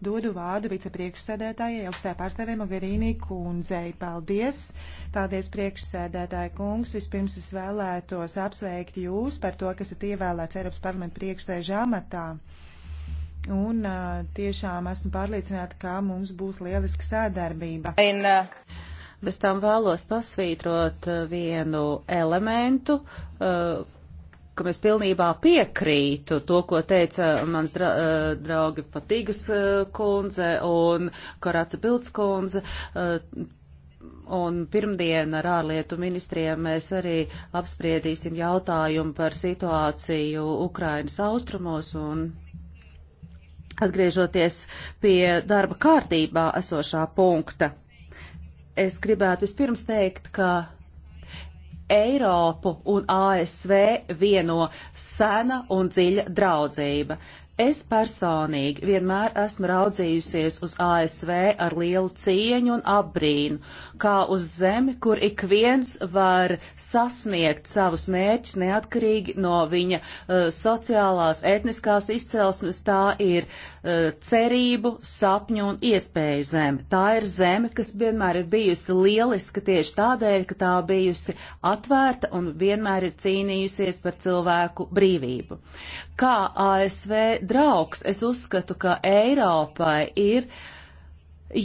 Dodu vārdu vicepriekšsēdētājai, augstā pārstāvē Mogherīnī kundzei. Paldies! Paldies, priekšsēdētāja kungs! Vispirms es vēlētos apsveikt jūs par to, ka esat ievēlēts Eiropas parlamenta priekšsēžā amatā. Un uh, tiešām esmu pārliecināta, ka mums būs lieliska sadarbība. In, uh... Bez tam vēlos pasvītrot vienu elementu, uh, ka es pilnībā piekrītu to, ko teica mans dra eh, draugi Patīgas eh, kundze un Karaca Pilts kundze. Eh, un pirmdien ar ārlietu ministriem mēs arī apspriedīsim jautājumu par situāciju Ukrainas austrumos un atgriežoties pie darba kārtībā esošā punkta. Es gribētu vispirms teikt, ka Eiropu un ASV vieno sena un dziļa draudzība. Es personīgi vienmēr esmu raudzījusies uz ASV ar lielu cieņu un apbrīnu, kā uz zemi, kur ik viens var sasniegt savus mērķus neatkarīgi no viņa uh, sociālās, etniskās izcelsmes. Tā ir uh, cerību, sapņu un iespēju zeme. Tā ir zeme, kas vienmēr ir bijusi lieliska tieši tādēļ, ka tā bijusi atvērta un vienmēr ir cīnījusies par cilvēku brīvību kā ASV draugs, es uzskatu, ka Eiropai ir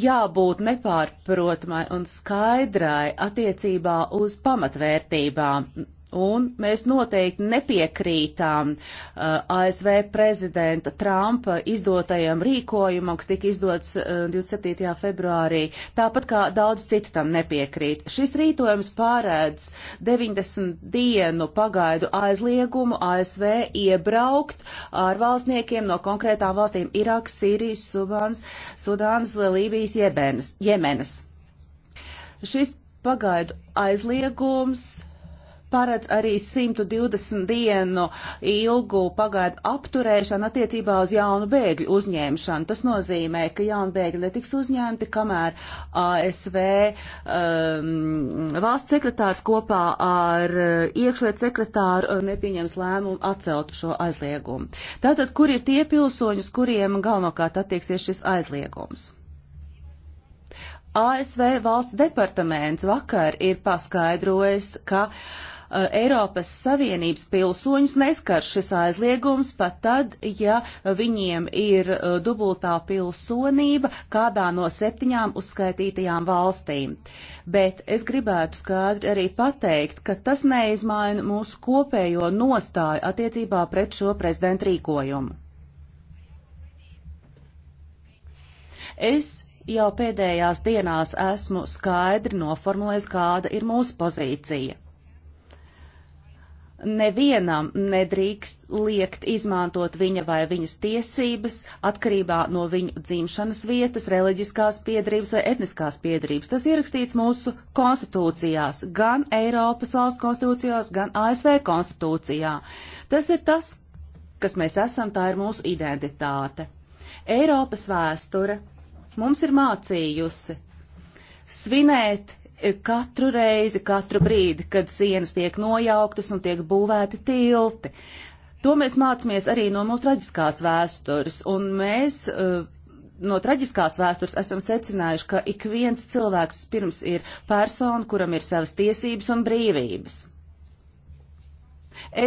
jābūt nepārprotamai un skaidrai attiecībā uz pamatvērtībām, Un mēs noteikti nepiekrītām uh, ASV prezidenta Trumpa izdotajam rīkojumam, kas tika izdots uh, 27. februārī, tāpat kā daudz citi tam nepiekrīt. Šis rītojums pārēdz 90 dienu pagaidu aizliegumu ASV iebraukt ārvalstniekiem no konkrētām valstīm - Irāks, Sīrijas, Subans, Sudāns, Lībijas, Jebenas, Jemenas. Šis pagaidu aizliegums paredz arī 120 dienu ilgu pagaidu apturēšanu attiecībā uz jaunu bēgļu uzņemšanu. Tas nozīmē, ka jaunu bēgļi netiks uzņemti, kamēr ASV um, valsts sekretārs kopā ar uh, iekšliet sekretāru uh, nepieņems lēmumu atcelt šo aizliegumu. Tātad, kur ir tie pilsoņi, uz kuriem galvenokārt attieksies šis aizliegums? ASV valsts departaments vakar ir paskaidrojis, ka uh, Uh, Eiropas Savienības pilsoņus neskar šis aizliegums pat tad, ja viņiem ir uh, dubultā pilsonība kādā no septiņām uzskaitītajām valstīm. Bet es gribētu skaidri arī pateikt, ka tas neizmaina mūsu kopējo nostāju attiecībā pret šo prezidentu rīkojumu. Es jau pēdējās dienās esmu skaidri noformulējis, kāda ir mūsu pozīcija nevienam nedrīkst liekt izmantot viņa vai viņas tiesības atkarībā no viņu dzimšanas vietas, reliģiskās piedrības vai etniskās piedrības. Tas ierakstīts mūsu konstitūcijās, gan Eiropas valsts konstitūcijās, gan ASV konstitūcijā. Tas ir tas, kas mēs esam, tā ir mūsu identitāte. Eiropas vēsture mums ir mācījusi svinēt katru reizi, katru brīdi, kad sienas tiek nojauktas un tiek būvēti tilti. To mēs mācāmies arī no mūsu traģiskās vēstures, un mēs eh, no traģiskās vēstures esam secinājuši, ka ik viens cilvēks pirms ir persona, kuram ir savas tiesības un brīvības.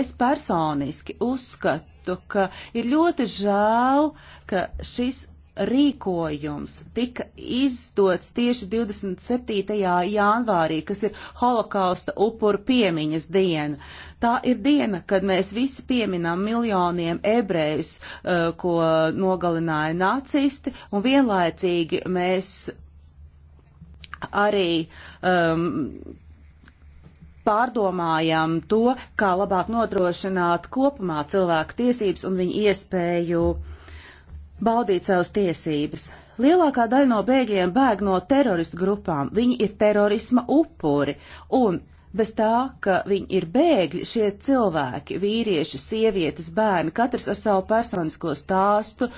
Es personiski uzskatu, ka ir ļoti žēl, ka šis rīkojums tika izdots tieši 27. janvārī, kas ir holokausta upuru piemiņas diena. Tā ir diena, kad mēs visi pieminam miljoniem ebrejus, uh, ko nogalināja nacisti, un vienlaicīgi mēs arī um, pārdomājam to, kā labāk nodrošināt kopumā cilvēku tiesības un viņu iespēju uh, baudīt savas tiesības. Lielākā daļa no bēgļiem bēg no teroristu grupām, viņi ir terorisma upuri, un bez tā, ka viņi ir bēgļi, šie cilvēki, vīrieši, sievietes, bērni, katrs ar savu personisko stāstu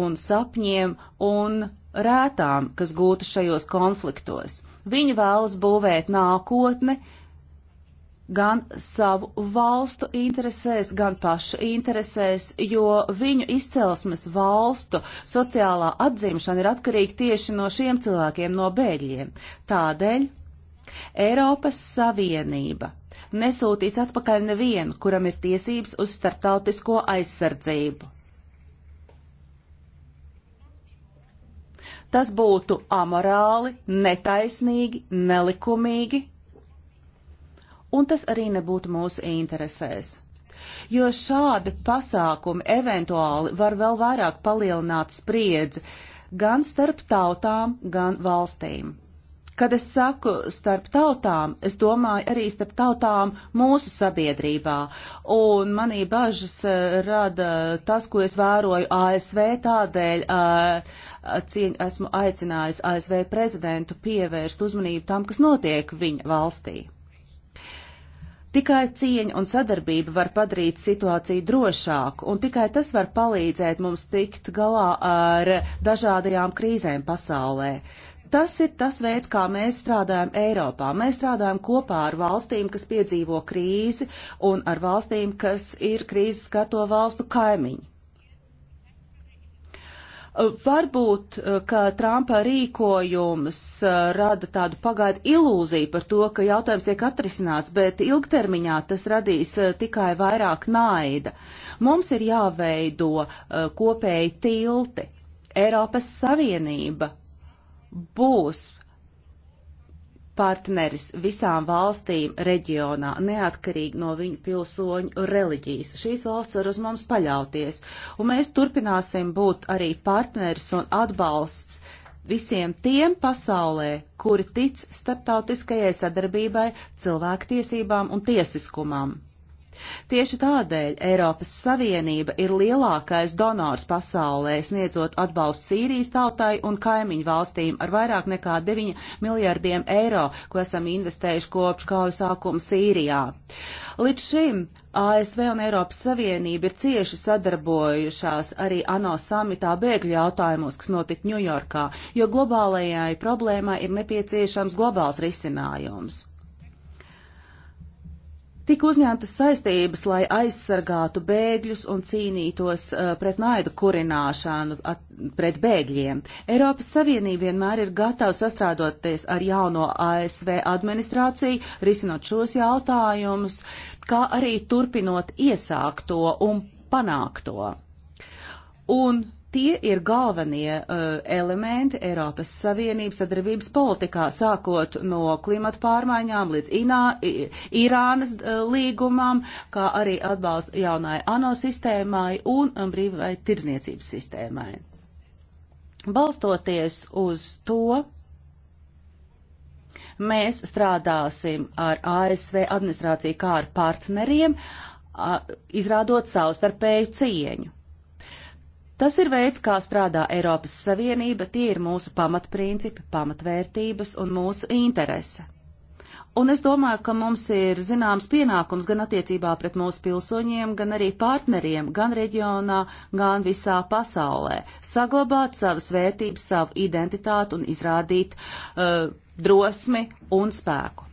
un sapņiem un rētām, kas gūtas šajos konfliktos. Viņi vēlas būvēt nākotni, gan savu valstu interesēs, gan pašu interesēs, jo viņu izcelsmes valstu sociālā atzimšana ir atkarīga tieši no šiem cilvēkiem, no bēgļiem. Tādēļ Eiropas Savienība nesūtīs atpakaļ nevienu, kuram ir tiesības uz starptautisko aizsardzību. Tas būtu amorāli, netaisnīgi, nelikumīgi un tas arī nebūtu mūsu interesēs. Jo šādi pasākumi eventuāli var vēl vairāk palielināt spriedzi gan starp tautām, gan valstīm. Kad es saku starp tautām, es domāju arī starp tautām mūsu sabiedrībā, un manī bažas eh, rada tas, ko es vēroju ASV, tādēļ eh, cieņ, esmu aicinājusi ASV prezidentu pievērst uzmanību tam, kas notiek viņa valstī. Tikai cieņa un sadarbība var padarīt situāciju drošāku, un tikai tas var palīdzēt mums tikt galā ar dažādajām krīzēm pasaulē. Tas ir tas veids, kā mēs strādājam Eiropā. Mēs strādājam kopā ar valstīm, kas piedzīvo krīzi, un ar valstīm, kas ir krīzes skarto valstu kaimiņi. Varbūt, eh, ka Trumpa rīkojums eh, rada tādu pagaidu ilūziju par to, ka jautājums tiek atrisināts, bet ilgtermiņā tas radīs eh, tikai vairāk naida. Mums ir jāveido kopēji tilti. Eiropas Savienība būs partneris visām valstīm reģionā, neatkarīgi no viņu pilsoņu reliģijas. Šīs valsts var uz mums paļauties, un mēs turpināsim būt arī partneris un atbalsts visiem tiem pasaulē, kuri tic starptautiskajai sadarbībai, cilvēktiesībām un tiesiskumam. Tieši tādēļ Eiropas Savienība ir lielākais donors pasaulē, sniedzot atbalstu Sīrijas tautai un kaimiņu valstīm ar vairāk nekā 9 miljardiem eiro, ko esam investējuši kopš kauju sākuma Sīrijā. Līdz šim ASV un Eiropas Savienība ir cieši sadarbojušās arī ANO samitā bēgļu jautājumos, kas notika Ņujorkā, jo globālajai problēmai ir nepieciešams globāls risinājums. Tik uzņemtas saistības, lai aizsargātu bēgļus un cīnītos uh, pret naidu kurināšanu at, pret bēgļiem. Eiropas Savienība vienmēr ir gatava sastrādoties ar jauno ASV administrāciju, risinot šos jautājumus, kā arī turpinot iesākto un panākto. Un Tie ir galvenie uh, elementi Eiropas Savienības sadarbības politikā, sākot no klimata pārmaiņām līdz Inā, I, Irānas uh, līgumam, kā arī atbalstu jaunai ANO sistēmai un um, brīvai tirzniecības sistēmai. Balstoties uz to, mēs strādāsim ar ASV administrāciju kā ar partneriem, izrādot savstarpēju cieņu. Tas ir veids, kā strādā Eiropas Savienība, tie ir mūsu pamatprincipi, pamatvērtības un mūsu interese. Un es domāju, ka mums ir zināms pienākums gan attiecībā pret mūsu pilsoņiem, gan arī partneriem, gan reģionā, gan visā pasaulē - saglabāt savas vērtības, savu identitāti un izrādīt uh, drosmi un spēku.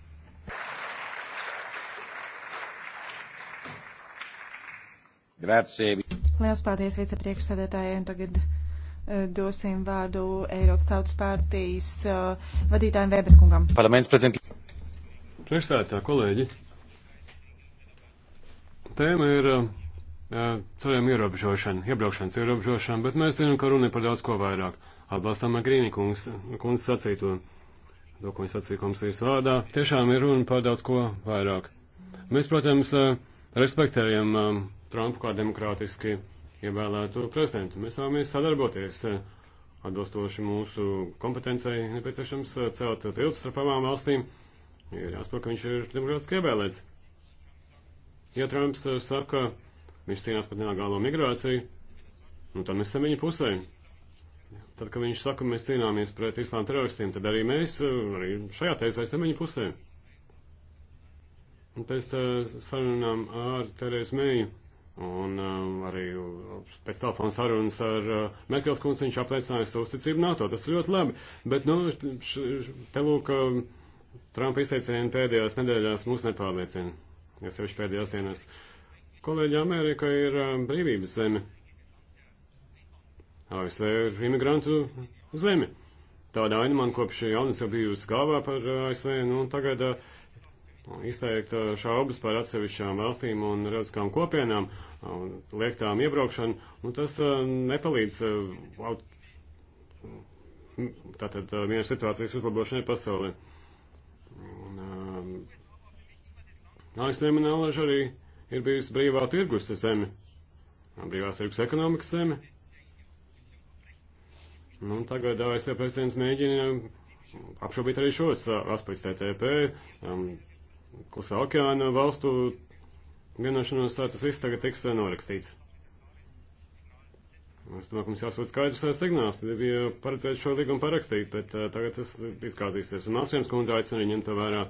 Grazie. Liels paldies vicepriekšsēdētājiem. Tagad eh, dosim vārdu Eiropas Tautas partijas eh, vadītājiem Vēberkungam. Parlaments prezidents. Priekšstādātā kolēģi. Tēma ir eh, ceļiem ierobežošana, iebraukšanas ierobežošana, bet mēs zinām, ka runa ir par daudz ko vairāk. Atbalstām Agrīni kungs, kungs sacīto, to, ko viņš sacīja komisijas vārdā. Tiešām ir runa par daudz ko vairāk. Mēs, protams, respektējam Trumpu kā demokrātiski ievēlētu prezidentu. Mēs vēlamies sadarboties eh, atbilstoši mūsu kompetencei nepieciešams eh, celt tiltu starp abām valstīm. Ir jāspēr, ka viņš ir demokrātiski ievēlēts. Ja Trumps eh, saka, viņš cīnās pat nelegālo migrāciju, nu tad mēs esam viņa pusē. Tad, kad viņš saka, mēs cīnāmies pret islāma teroristiem, tad arī mēs, arī šajā teizē esam viņa pusē. Un pēc sarunām ar Terēzu Mēju Un um, arī uh, pēc telefona sarunas ar uh, Merkels kundzi viņš apliecināja savu uzticību NATO. Tas ir ļoti labi. Bet, nu, š, š, te lūk, um, Trumpa izteicieni pēdējās nedēļās mūs nepārliecina. Jo sevišķi pēdējās dienās. Kolēģi, Amerika ir um, brīvības zeme. ASV ir imigrantu zeme. Tāda aina man kopš jaunas jau bijusi galvā par uh, ASV, nu, tagad. Uh, izteikt uh, šaubas par atsevišķām valstīm un redzskām kopienām un uh, liektām iebraukšanu, un tas uh, nepalīdz tātad miera situācijas uzlabošanai pasaulē. Un, ASV man alaž arī ir bijusi brīvā tirgus zeme, brīvās tirgus ekonomikas zeme. Nu, tagad ASV prezidents mēģina apšaubīt arī šos aspektus TTP, um, klusā okeāna valstu vienošanos, tā tas viss tagad tiks norakstīts. Es domāju, ka mums jāsūt skaidrs uh, signāls, tad bija paredzēts šo līgumu parakstīt, bet uh, tagad tas izkāzīsies. Un Asiems kundze aicina ņemt vērā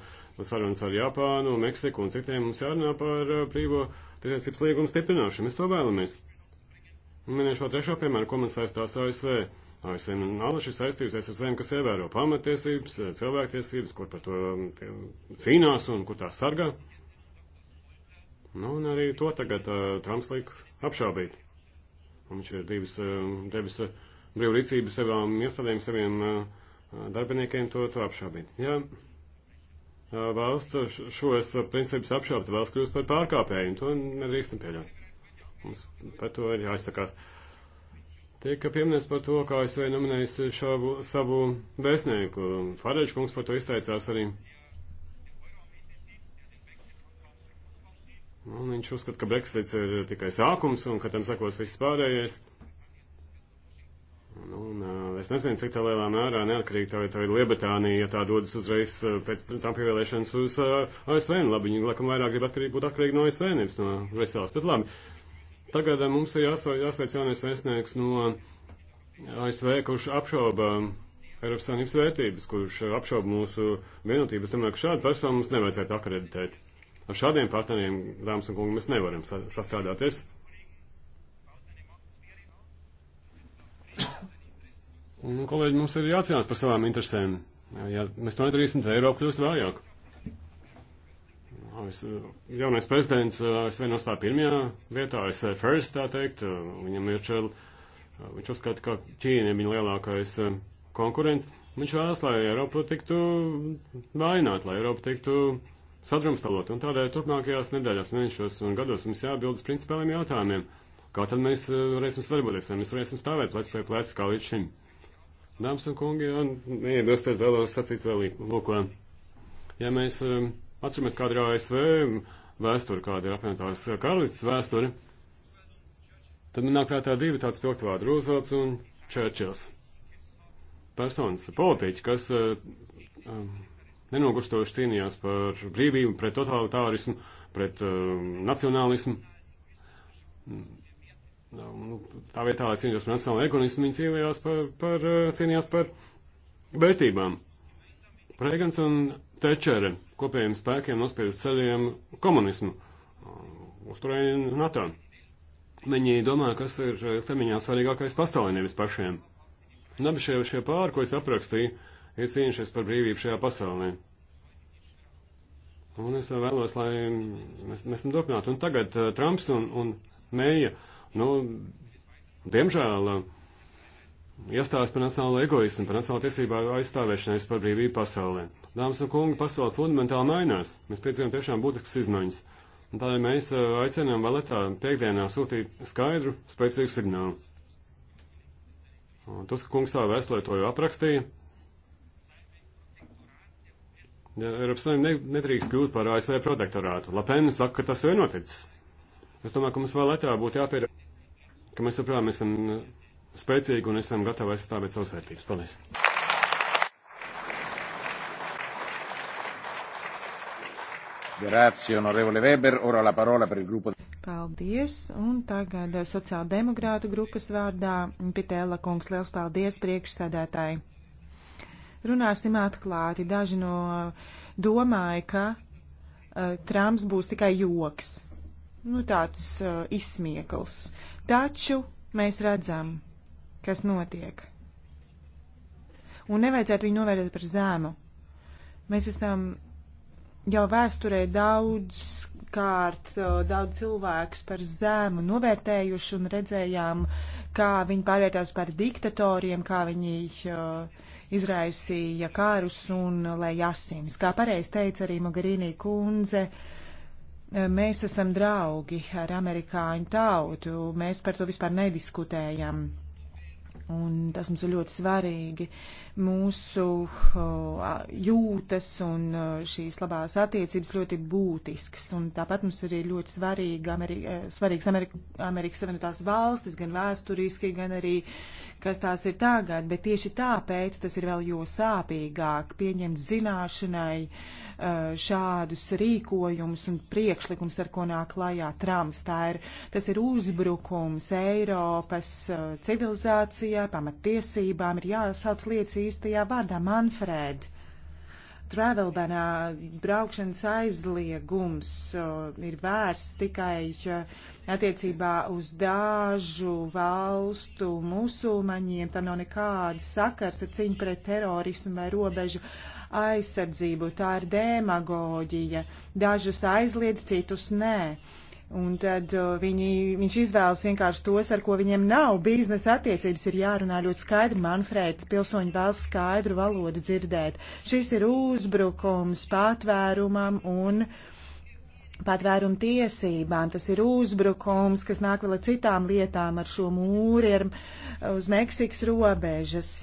sarunas ar Japānu, Meksiku un citiem. Mums jārunā par uh, brīvo tiesības līgumu stiprināšanu. Mēs to vēlamies. Minēšu vēl trešo piemēru, ko man saistās ASV. ASV nalaši saistījusies ar zemi, kas ievēro pamatiesības, cilvēktiesības, kur par to um, cīnās un kur tā sargā. Nu, un arī to tagad uh, Trumps liek apšaubīt. Un viņš ir divas, uh, um, devis uh, brīvrīcības savām iestādēm, saviem uh, darbiniekiem to, to apšaubīt. Ja uh, valsts uh, šos uh, principus apšaubta, valsts kļūst par pārkāpēju, un to nedrīkstam pieļaut. Mums par to ir jāizsakās. Uh, Tiek pieminēts par to, kā es vēl nominēju šavu, savu vēstnieku. Farēģis kungs par to izteicās arī. Un viņš uzskata, ka Brexits ir tikai sākums un ka tam sakos viss pārējais. Un, un, es nezinu, cik tā lielā mērā neatkarīgi tā, tā ir Liebetānija, ja tā dodas uzreiz pēc tam pievēlēšanas uz uh, ASV. Nu, labi, viņi laikam vairāk grib atkarīgi būt atkarīgi no ASV, nevis no Veselas, bet labi. Uh, Tagad eh, mums ir jāsveic jaunais vēstnieks no eh, ASV, kurš apšauba eh, Eiropas Savienības vērtības, kurš apšauba mūsu vienotības. Domāju, ka šādu personu mums nevajadzētu akreditēt. Ar šādiem partneriem, dāmas un kungi, mēs nevaram sa sastrādāties. Un, kolēģi, mums ir jācīnās par savām interesēm. Ja mēs to nedarīsim, tad Eiropa kļūs vājāka. Eh, jaunais prezidents ASV eh, nostāja pirmajā vietā, ASV eh, first, tā teikt. Viņam ir čel, viņš uzskata, ka Ķīna ir viņa lielākais konkurents. Viņš vēlas, lai Eiropa tiktu vainot, lai Eiropa tiktu sadrumstalot. Un tādēļ turpmākajās nedēļās, mēnešos un gados mums jābildas principāliem jautājumiem. Kā tad mēs varēsim sadarboties, vai mēs varēsim stāvēt plec pie plec kā līdz šim? Dāmas un kungi, un neiebilstiet vēlos sacīt vēl lūko. Ja mēs um, Atceramies, kāda ir ASV vēsture, kāda ir apvienotās karalistas vēsture. Tad man nāk prātā divi tāds pilkvārdi - Roosevelts un Čērčils. Personas, politiķi, kas eh, um, nenogurstoši cīnījās par brīvību, pret totalitārismu, pret um, nacionālismu. Mm. Nu, nu, tā vietā, lai cīnījās par nacionālo egoismu, viņi cīnījās par, par, eh, cīnījās par vērtībām. Reigans un Tečere kopējiem spēkiem nospieda ceļiem komunismu, uh, uzturēja NATO. Viņi domā, kas ir uh, termiņā svarīgākais pasaulē, nevis pašiem. Un abi šie, šie pāri, ko es aprakstīju, ir cīnījušies par brīvību šajā pasaulē. Un es vēlos, lai mēs, mēs tam turpinātu. Un tagad uh, Trumps un, un Meija, nu, diemžēl. Uh, iestājas par nacionālo egoismu, par nacionālo tiesību aizstāvēšanos par brīvību pasaulē. Dāmas un kungi, pasaule fundamentāli mainās. Mēs piedzīvojam tiešām būtiskas izmaiņas. Un tādēļ mēs eh, aicinām valetā piekdienā sūtīt skaidru, spēcīgu signālu. Tuska kungs savā vēstulē to jau aprakstīja. Ja Eiropas Savienība nedrīkst kļūt par ASV protektorātu. Lapēna saka, ka tas jau ir noticis. Es domāju, ka mums vēl etā būtu jāpierāda, ka mēs joprojām esam spēcīgi un esam gatavi aizstāvēt savas vērtības. Paldies! Grazie, onorevole Weber. Ora la parola per il gruppo. Paldies, un tagad sociāldemokrātu grupas vārdā Pitēla kungs, liels paldies priekšsēdētāji. Runāsim atklāti, daži no domāja, ka uh, Trumps būs tikai joks, nu tāds uh, izsmiekls. Taču mēs redzam, kas notiek. Un nevajadzētu viņu novērtēt par zēmu. Mēs esam jau vēsturē daudz kārt daudz cilvēkus par zemu novērtējuši un redzējām, kā viņi pārvērtās par diktatoriem, kā viņi uh, izraisīja kārus un lejasins. Kā pareizi teica arī Mogherini kundze, e, mēs esam draugi ar amerikāņu tautu, mēs par to vispār nediskutējam un tas mums ir ļoti svarīgi. Mūsu jūtas un šīs labās attiecības ļoti būtisks, un tāpat mums ir ļoti svarīga Amerika, e, svarīgs Amerika, Amerikas Savienotās valstis, gan vēsturiski, gan arī, kas tās ir tagad, bet tieši tāpēc tas ir vēl jo sāpīgāk pieņemt zināšanai, uh, šādus rīkojumus un priekšlikums, ar ko nāk klajā Trumps. Tā ir, tas ir uzbrukums Eiropas civilizācijai, pamatiesībām, ir jāsauc lietas īstajā vārdā Manfred. Travelbanā braukšanas aizliegums uh, ir vērsts tikai uh, attiecībā uz dažu valstu musulmaņiem. Tam nav nekādas sakars ar cīņu pret terorismu vai robežu aizsardzību. Tā ir demagoģija. Dažus aizliedz, citus nē. Un tad uh, viņi, viņš izvēlas vienkārši tos, ar ko viņiem nav biznesa attiecības. Ir jārunā ļoti skaidri, Manfred, pilsoņi vēlas skaidru valodu dzirdēt. Šis ir uzbrukums patvērumam un patvērumu tiesībām. Tas ir uzbrukums, kas nāk vēl ar citām lietām, ar šo mūri, ar, uh, uz Meksikas robežas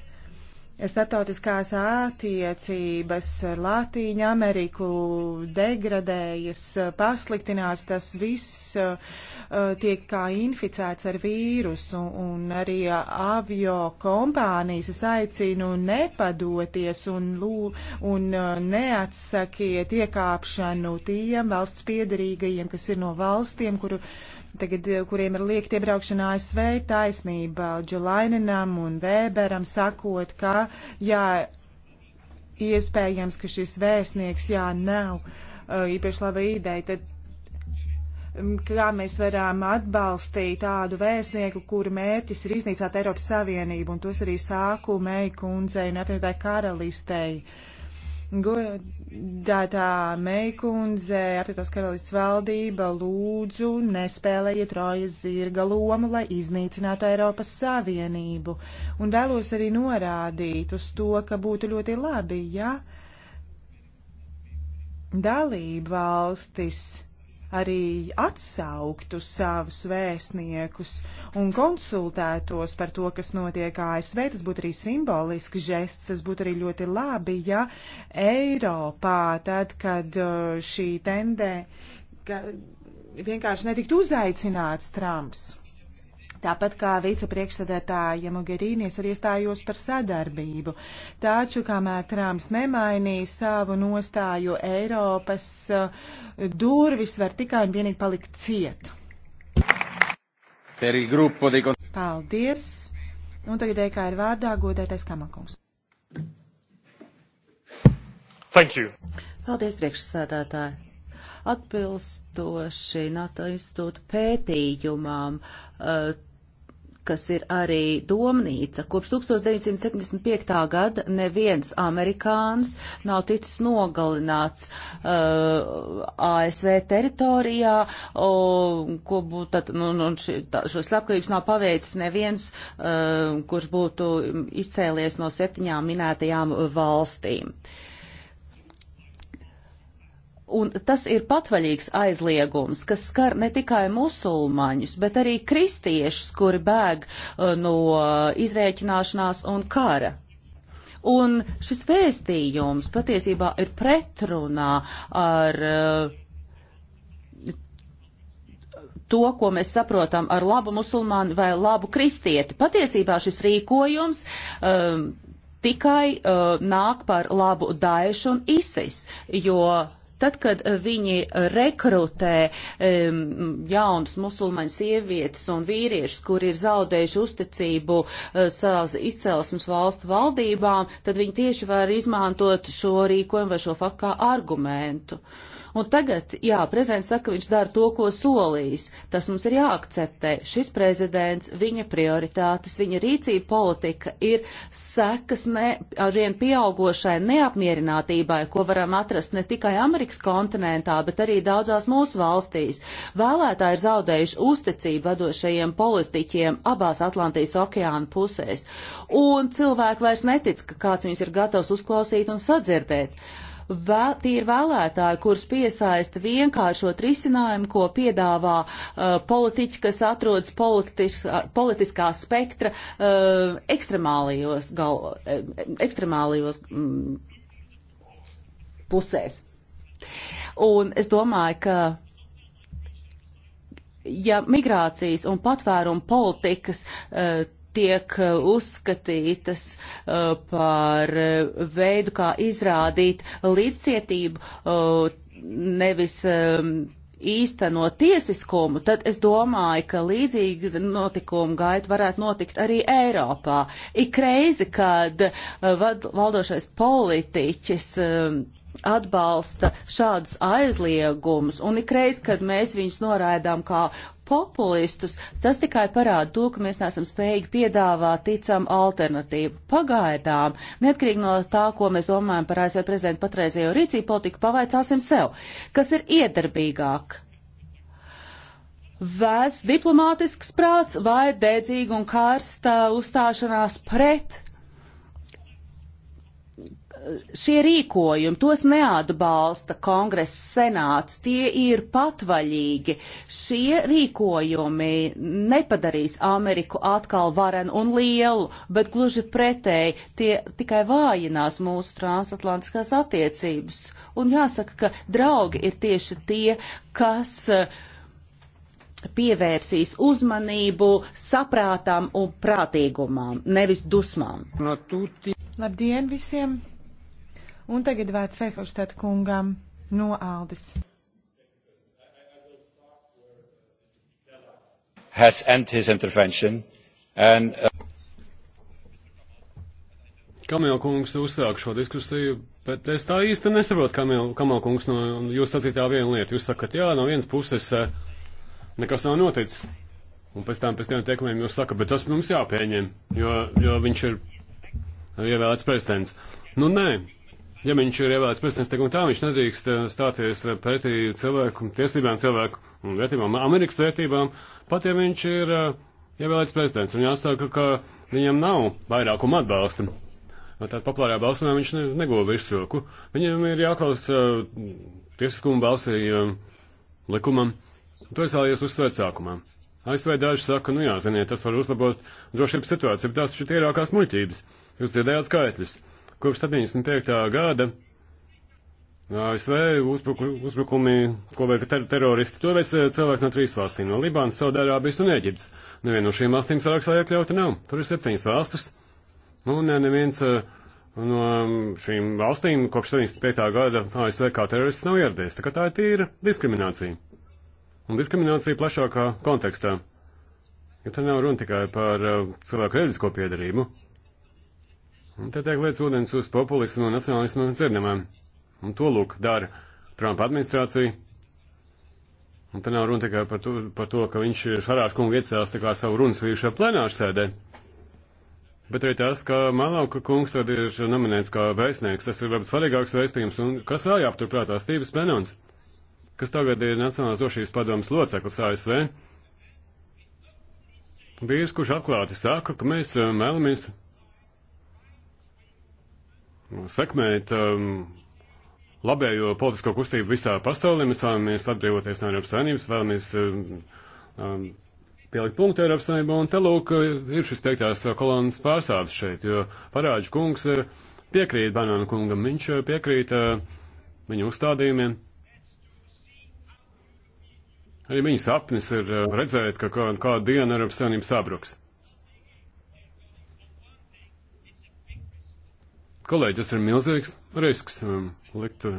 starptautiskās attiecības ar Latīņu Ameriku degradējas, pasliktinās, tas viss uh, uh, tiek kā inficēts ar vīrusu, un arī uh, avio kompānijas es aicinu nepadoties un, lū, un uh, neatsakiet iekāpšanu tiem valsts piedarīgajiem, kas ir no valstiem, kuru tagad, eh, kuriem ir liekta iebraukšana ASV, taisnība Džulaininam un Vēberam sakot, ka jā, iespējams, ka šis vēstnieks, jā, nav eh, īpaši laba ideja, tad kā mēs varam atbalstīt tādu vēstnieku, kura mērķis ir iznīcāt Eiropas Savienību, un tos arī sāku Meija kundzei un apvienotāju karalistei. Uh, Godātā meikundze, apietos karalists valdība lūdzu nespēlējiet rojas zirga lomu, lai iznīcinātu Eiropas Savienību. Un vēlos arī norādīt uz to, ka būtu ļoti labi, ja dalība valstis arī atsauktu savus vēstniekus un konsultētos par to, kas notiek ASV. Tas būtu arī simbolisks žests, tas būtu arī ļoti labi, ja Eiropā, tad, kad uh, šī tendē, ka vienkārši netiktu uzaicināts Trumps. Tāpat kā vicepriekšsēdētāja Mogherīnijas arī iestājos par sadarbību. Taču, kamēr Trāms nemainīja savu nostāju, Eiropas eh, durvis var tikai un vienīgi palikt ciet. Paldies! Un tagad ēkā e ir vārdā godētais kamakums. Thank you. Paldies, priekšsēdētāji. Atbilstoši NATO institūta pētījumām, uh, eh, kas ir arī domnīca. Kopš 1975. gada neviens amerikānis nav ticis nogalināts uh, ASV teritorijā, uh, ko būtu, tad, nu, nu, ši, tā, šo slepkavības nav paveicis neviens, uh, kurš būtu izcēlies no septiņām minētajām valstīm. Uh, Un tas ir patvaļīgs aizliegums, kas skar ne tikai musulmaņus, bet arī kristiešus, kuri bēg uh, no izrēķināšanās un kara. Un šis vēstījums patiesībā ir pretrunā ar uh, to, ko mēs saprotam ar labu musulmani vai labu kristieti. Patiesībā šis rīkojums um, tikai uh, nāk par labu Daešu un ISIS, jo Tad, kad eh, viņi rekrutē um, jaunas musulmaņu sievietes un vīriešus, kur ir zaudējuši uzticību uh, savas izcelsmes valstu valdībām, tad viņi tieši var izmantot šo rīkojumu vai šo faktu kā argumentu. Un tagad, jā, prezidents saka, viņš dara to, ko solījis. Tas mums ir jāakceptē. Šis prezidents, viņa prioritātes, viņa rīcība politika ir sekas ne, arvien pieaugošai neapmierinātībai, ko varam atrast ne tikai Amerikā, Āfrikas kontinentā, bet arī daudzās mūsu valstīs. Vēlētāji ir zaudējuši uzticību vadošajiem politiķiem abās Atlantijas okeāna pusēs, un cilvēki vairs netic, ka kāds viņus ir gatavs uzklausīt un sadzirdēt. Vē, tie ir vēlētāji, kurus piesaista vienkāršot risinājumu, ko piedāvā uh, politiķi, kas atrodas politis, uh, politiskā spektra uh, ekstremālajos, gal, uh, ekstremālajos mm, pusēs. Un es domāju, ka ja migrācijas un patvērumu politikas uh, tiek eh, uzskatītas uh, par veidu, kā izrādīt līdzcietību, uh, nevis um, īstenot tiesiskumu, tad es domāju, ka līdzīgi notikumu gaita varētu notikt arī Eiropā. Ik reizi, kad valdošais politiķis um, atbalsta šādus aizliegumus, un ikreiz, kad mēs viņus noraidām kā populistus, tas tikai parāda to, ka mēs neesam spējīgi piedāvāt ticam alternatīvu. Pagaidām, neatkarīgi no tā, ko mēs domājam par ASV prezidentu patreizējo rīcību politiku, pavaicāsim sev, kas ir iedarbīgāk. Vēs diplomātisks prāts vai dedzīga un kārsta uzstāšanās pret šie rīkojumi, tos neatbalsta kongress senāts, tie ir patvaļīgi. Šie rīkojumi nepadarīs Ameriku atkal varenu un lielu, bet gluži pretēji, tie tikai vājinās mūsu transatlantiskās attiecības. Un jāsaka, ka draugi ir tieši tie, kas eh, pievērsīs uzmanību saprātām un prātīgumam, nevis dusmām. No Labdien visiem! Un tagad vērts Ferhofstad kungam no Aldis. Has end his intervention and uh... Kamil kungs uzsāk šo diskusiju, bet es tā īsti nesaprotu, Kamil, Kamil kungs, no jūs sacītā vienu lietu. Jūs sakat, jā, no vienas puses eh, nekas nav noticis. Un pēc tam pēc tiem teikumiem jūs sakat, bet tas mums jāpieņem, jo, jo viņš ir ievēlēts prezidents. Nu, nē, ja viņš ir ievēlēts prezidents, tad un tā viņš nedrīkst eh, stāties eh, pretī cilvēku tiesībām, cilvēku un vērtībām, Amerikas vērtībām, pat ja viņš ir eh, ievēlēts prezidents. Un jāsaka, ka viņam nav vairākuma atbalsta. Tātad paplārā balsojumā viņš ne, neguva virsroku. Viņam ir jāklausa tiesiskuma balsī likumam. To es vēlējos uzsvērt sākumā. ASV daži saka, nu jā, ziniet, tas var uzlabot drošības situāciju, bet tās taču ir tīrākās muļķības. Jūs dzirdējāt skaitļus. Kopš 75. gada ASV uzbruku, uzbrukumi, ko veika ter teroristi, to veic cilvēki no trīs valstīm - no Libānas, Saudārābijas un Eģiptes. Nevienu no šīm valstīm sarakstā iekļauta nav. Tur ir septiņas valstis. Nu, ne, neviens eh, no šīm valstīm kopš 75. gada ASV kā terorists nav ieradies. Tā kā tā ir tīra diskriminācija. Un diskriminācija plašākā kontekstā. Jo te nav runa tikai par eh, cilvēku reliģisko piedarību. Un te tiek lietas ūdens uz populismu un nacionalismu un dzirdamām. Un to lūk dara Trumpa administrācija. Un te nav runa tikai par to, par to ka viņš Šarāšu kungu iecēlas tā kā savu runas vīrušā plenāršēdē. Bet arī tas, ka Malauka kungs tad ir nominēts kā vēstnieks, tas ir varbūt svarīgāks vēstījums, un kas vēl jāpaturprātā Stīvs Penons, kas tagad ir Nacionālās drošības padomas loceklis ASV. Vīrs, kurš atklāti saka, ka mēs vēlamies eh, sekmēt um, labējo politisko kustību visā pasaulē. Mēs vēlamies atbrīvoties no Eiropas Savienības, vēlamies um, um pielikt punktu Eiropas Savienībā, un te lūk uh, ir šis piektās kolonas pārstāvis šeit, jo parāžu kungs uh, piekrīt Banānu kungam, viņš uh, piekrīt uh, viņu uzstādījumiem. Arī viņa sapnis ir redzēt, ka kādu dienu Eiropas Savienība sabruks. Kolēģi, tas ir milzīgs risks um, likt uh,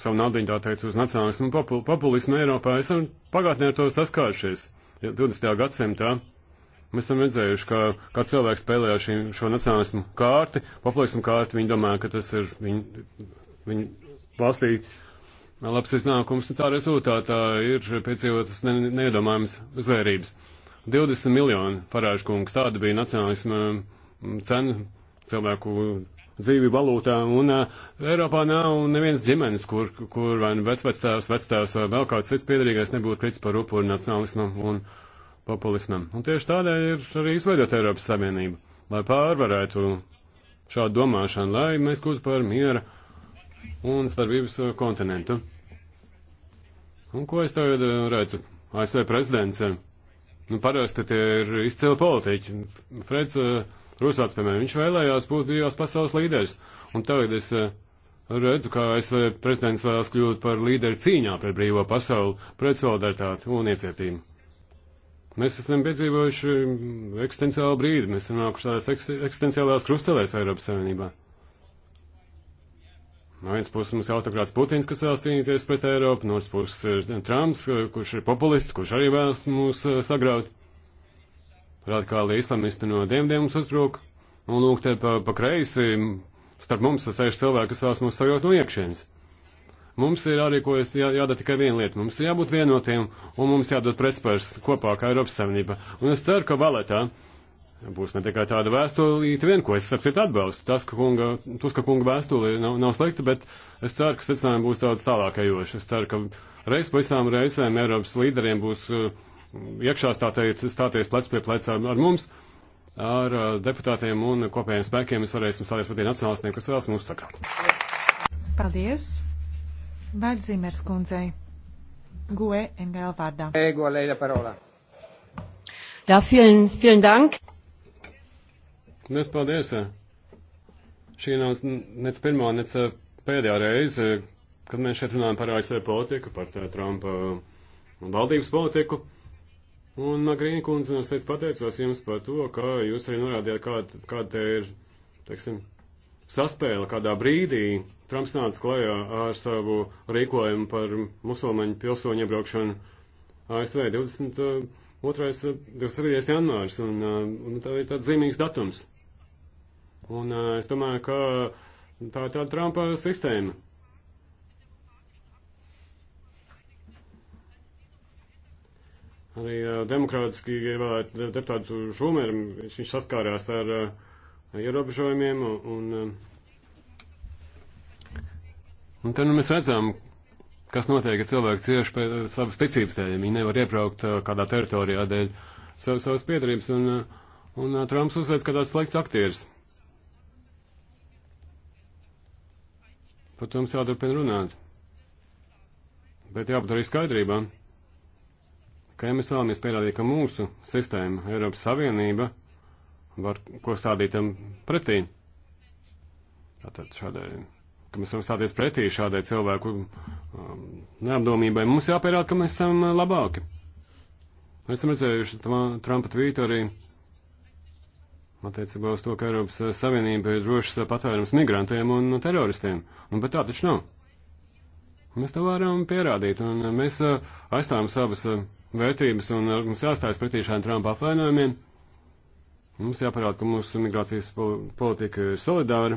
savu naudu, tā teikt, uz nacionālismu un populismu Eiropā. Esam pagātnē ar to saskārušies. 20. gadsimtā mēs esam redzējuši, ka kā cilvēks spēlē šī, šo nacionālismu kārti, populismu kārti, viņi domā, ka tas ir viņu, viņu valstī labs iznākums, un tā rezultātā ir piedzīvotas ne, neiedomājamas zvērības. 20 miljoni parāžu kungs, tāda bija nacionālisma um, cena cilvēku dzīvi valūtā, un uh, Eiropā nav nevienas ģimenes, kur, kur vai nu vecvectēvs, vectēvs vai vēl kāds cits piedarīgais nebūtu kritis par upuru nacionālismam un populismam. Un tieši tādēļ ir arī izveidota Eiropas Savienība, lai pārvarētu šādu domāšanu, lai mēs kļūtu par miera un starpības kontinentu. Un ko es tagad redzu? ASV prezidents. Nu, parasti tie ir izcili politiķi. Freds uh, Rūsvārds, piemēram, viņš vēlējās būt bijās pasaules līderis. Un tagad es eh, redzu, kā ASV prezidents vēlas kļūt par līderi cīņā pret brīvo pasauli, pret solidaritāti un iecietību. Mēs esam piedzīvojuši eksistenciālu brīdi, mēs esam nākuši tādās eksistenciālās krustelēs Eiropas Savienībā. No vienas puses mums ir autokrāts Putins, kas vēlas cīnīties pret Eiropu, no otras puses ir Trumps, eh, kurš ir populists, kurš arī vēlas mūs eh, sagraut radikāli islamisti no dienvidiem mums uzbruk, un lūk, te pa, pa kreisi starp mums sēž cilvēki, kas vēlas mūs sajot no iekšienes. Mums ir arī, ko es jā, jādara tikai viena lieta. Mums ir jābūt vienotiem, un mums jādod pretspērs kopā kā Eiropas Savienība. Un es ceru, ka valetā būs ne tikai tāda vēstulīte vien, ko es sapcīt atbalstu. Tas, ka kunga, Tuska kunga vēstuli nav, nav slikta, bet es ceru, ka secinājumi būs daudz tālākajoši. Es ceru, ka reiz pēc visām reizēm Eiropas līderiem būs. Uh, iekšā stāties, stāties plec pie pleca ar mums, ar uh, deputātiem un kopējiem spēkiem. Mēs varēsim stāties pretī nacionālistiem, kas vēlas mūs sakrāt. Paldies! Vārds Zīmers kundzei. GUE NGL vārdā. Ego, Leila Parola. Jā, vielen, vielen dank. Mēs paldies. Šī nav nec pirmā, nec uh, pēdējā reize, kad mēs šeit runājam par ASV e politiku, par uh, Trumpa valdības politiku. Un Magrīna kundze, es teicu, pateicos jums par to, ka jūs arī norādījāt, kāda, kāda te ir, teiksim, saspēle, kādā brīdī Trumps nāca klajā ar savu rīkojumu par musulmaņu pilsoņu iebraukšanu ASV 22. 23. janvārs, un, un tā ir tāds zīmīgs datums. Un es domāju, ka tā ir tāda Trumpa sistēma. Arī uh, demokrātiski ievēlēt deputātu Šumeram, viņš, viņš saskārās ar uh, ierobežojumiem un, un, un te nu mēs redzam, kas notiek, ja cilvēki cieši pēc savas ticības dēļ, viņi nevar iebraukt uh, kādā teritorijā dēļ sav, savas piedarības un, uh, un uh, Trumps uzveic kā tāds slikts aktieris. Par to mums jāturpina runāt. Bet jāpadara arī skaidrībā ka ja mēs vēlamies pierādīt, ka mūsu sistēma, Eiropas Savienība, var ko stādīt tam um, pretī, tātad šādai, ka mēs varam stāties pretī šādai cilvēku um, neapdomībai, mums jāpierāda, ka mēs esam uh, labāki. Mēs esam redzējuši Trumpa tvītu arī attiecībā uz to, ka Eiropas uh, Savienība ir drošs uh, patvērums migrantiem un teroristiem. Un, bet tā taču nav. Mēs to varam pierādīt, un mēs aizstāvam savas vērtības un mums jāstājas pretī šādiem Trumpa apvainojumiem. Mums jāparāda, ka mūsu migrācijas politika ir solidāra.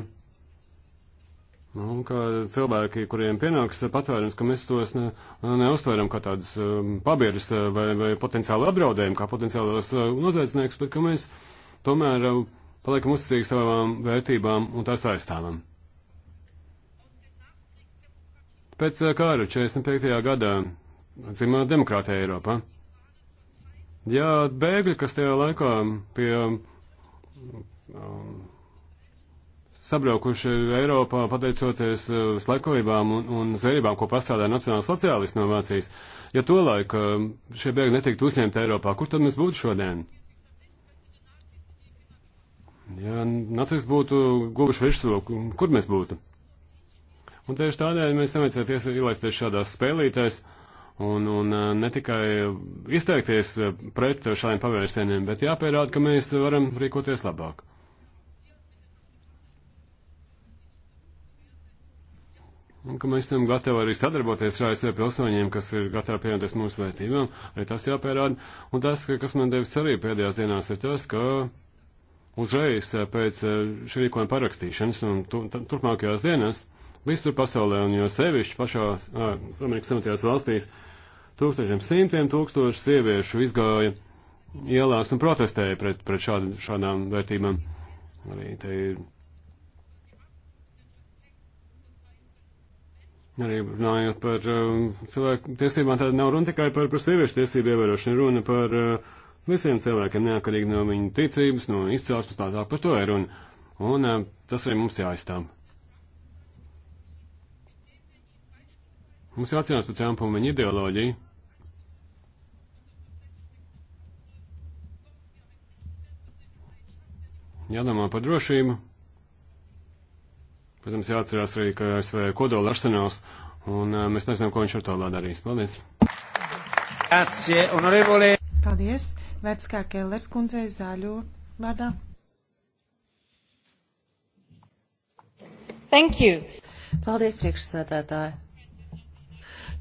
Un ka cilvēki, kuriem pienāks patvērums, ka mēs tos ne, neuztveram kā tādus um, pabieris uh, vai, vai potenciāli apdraudējumu, kā potenciālos uh, noziedzniekus, bet ka mēs tomēr uh, paliekam uzticīgi savām vērtībām un tās aizstāvam. Pēc uh, kāra 45. gadā dzimumā demokrātija Eiropā. Jā, bēgļi, kas tajā laikā pie um, sabraukuši Eiropā pateicoties uh, slēkovībām un, un zērībām, ko pastrādāja nacionāla sociālisti no Vācijas, ja tolaik uh, šie bēgļi netiktu uzņemti Eiropā, kur tad mēs būtu šodien? Ja nacisti būtu guvuši virsroku, kur mēs būtu? Un tieši tādēļ mēs nevajadzētu ielaisties šādās spēlītēs. Uh, Un, un eh, ne tikai izteikties eh, pret šādiem pavērsieniem, bet jāpierāda, ka mēs varam rīkoties labāk. Un ka mēs esam gatavi arī sadarboties ar ASV pilsoņiem, kas ir gatavi pievienoties mūsu vērtībām, arī tas jāpierāda. Un tas, kas man devis arī pēdējās dienās, ir tas, ka uzreiz eh, pēc šī rīkojuma parakstīšanas un tu, turpmākajās dienās visur pasaulē, un jo sevišķi pašās Amerikas Savienotajās valstīs, uh, Tūkstošiem simtiem tūkstoši sieviešu izgāja ielās un protestēja pret, pret šād, šādām vērtībām. Arī te ir. Arī runājot par uh, cilvēku tiesībām, tad nav runa tikai par, par sieviešu tiesību ievērošanu, runa par uh, visiem cilvēkiem, neatkarīgi no viņu ticības, no izcelsmes, tā tā par to ir runa. Un uh, tas arī mums jāaizstāv. Mums jāatcerās par cēmpumu viņa ideoloģiju. jādomā par drošību. Protams, jāatcerās arī, ka ASV kodola arsenāls, un eh, mēs nezinām, ko viņš ar to vēl darīs. Paldies! Grazie, onorevole! Paldies! Vērts kā Kellers kundzei zāļo vārdā. Thank you! Paldies, priekšsēdētāji!